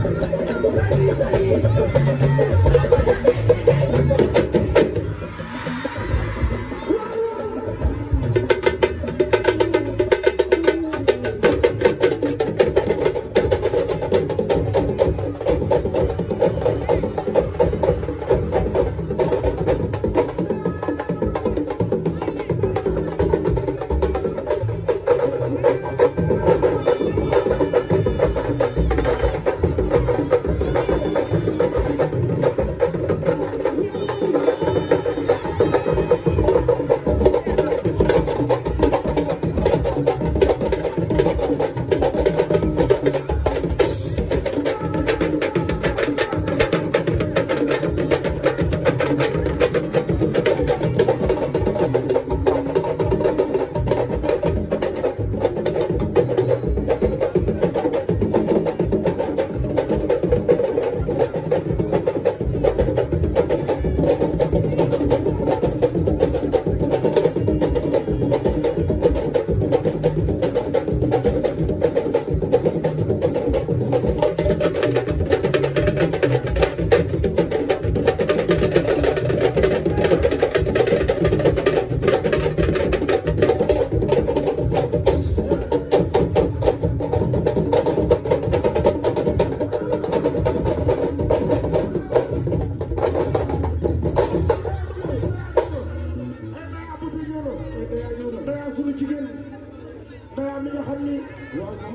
Thank you.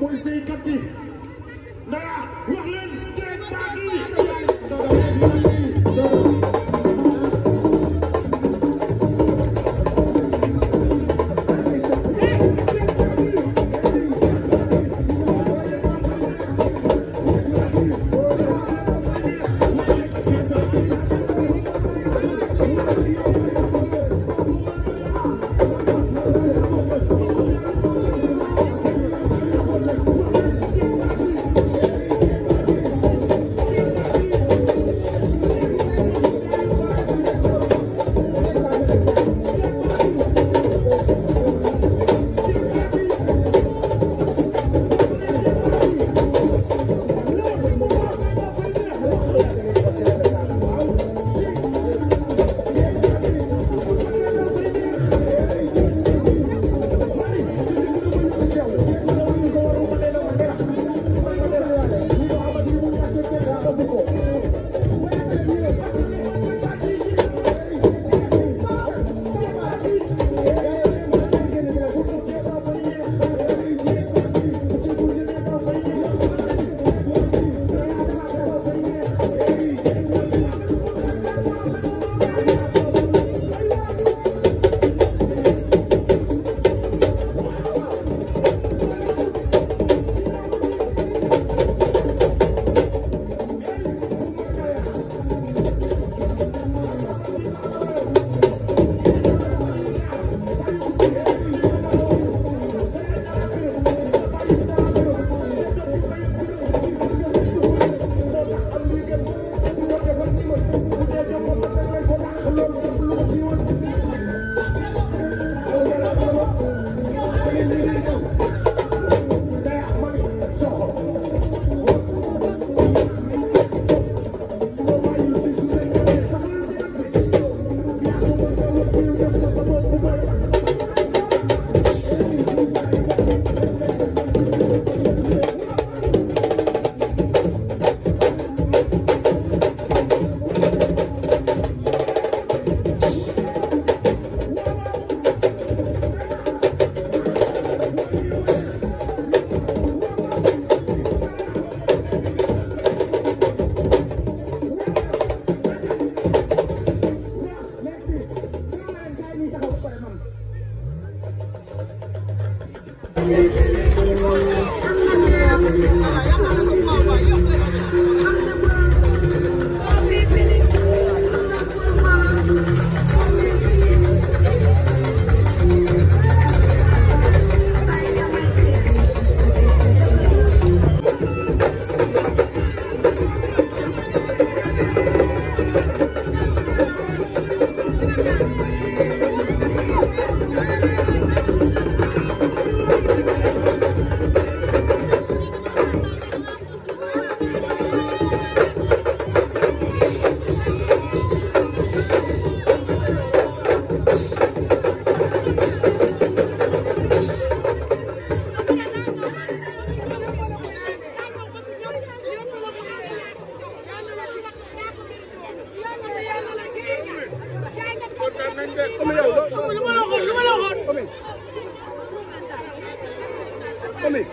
muy sëykat yi ndaya wax leen lu ma la waxoon lu ma la waxoon. Omi.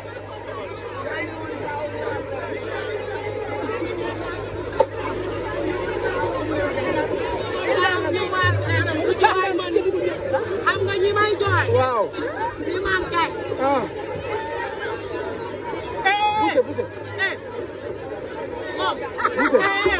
xam nga ñi may joxe. waaw. ñi maam kay. ah. eh. Boucher Boucher. eh. moom. Boucher.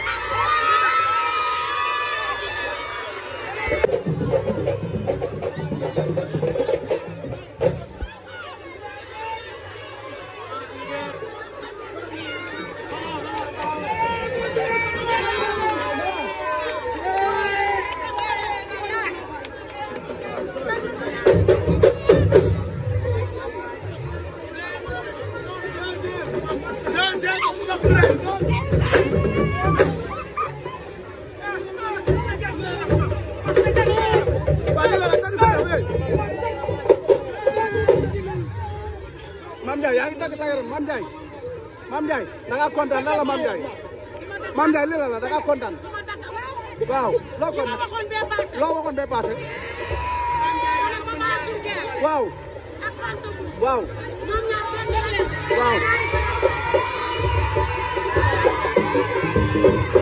yàgg sa yaram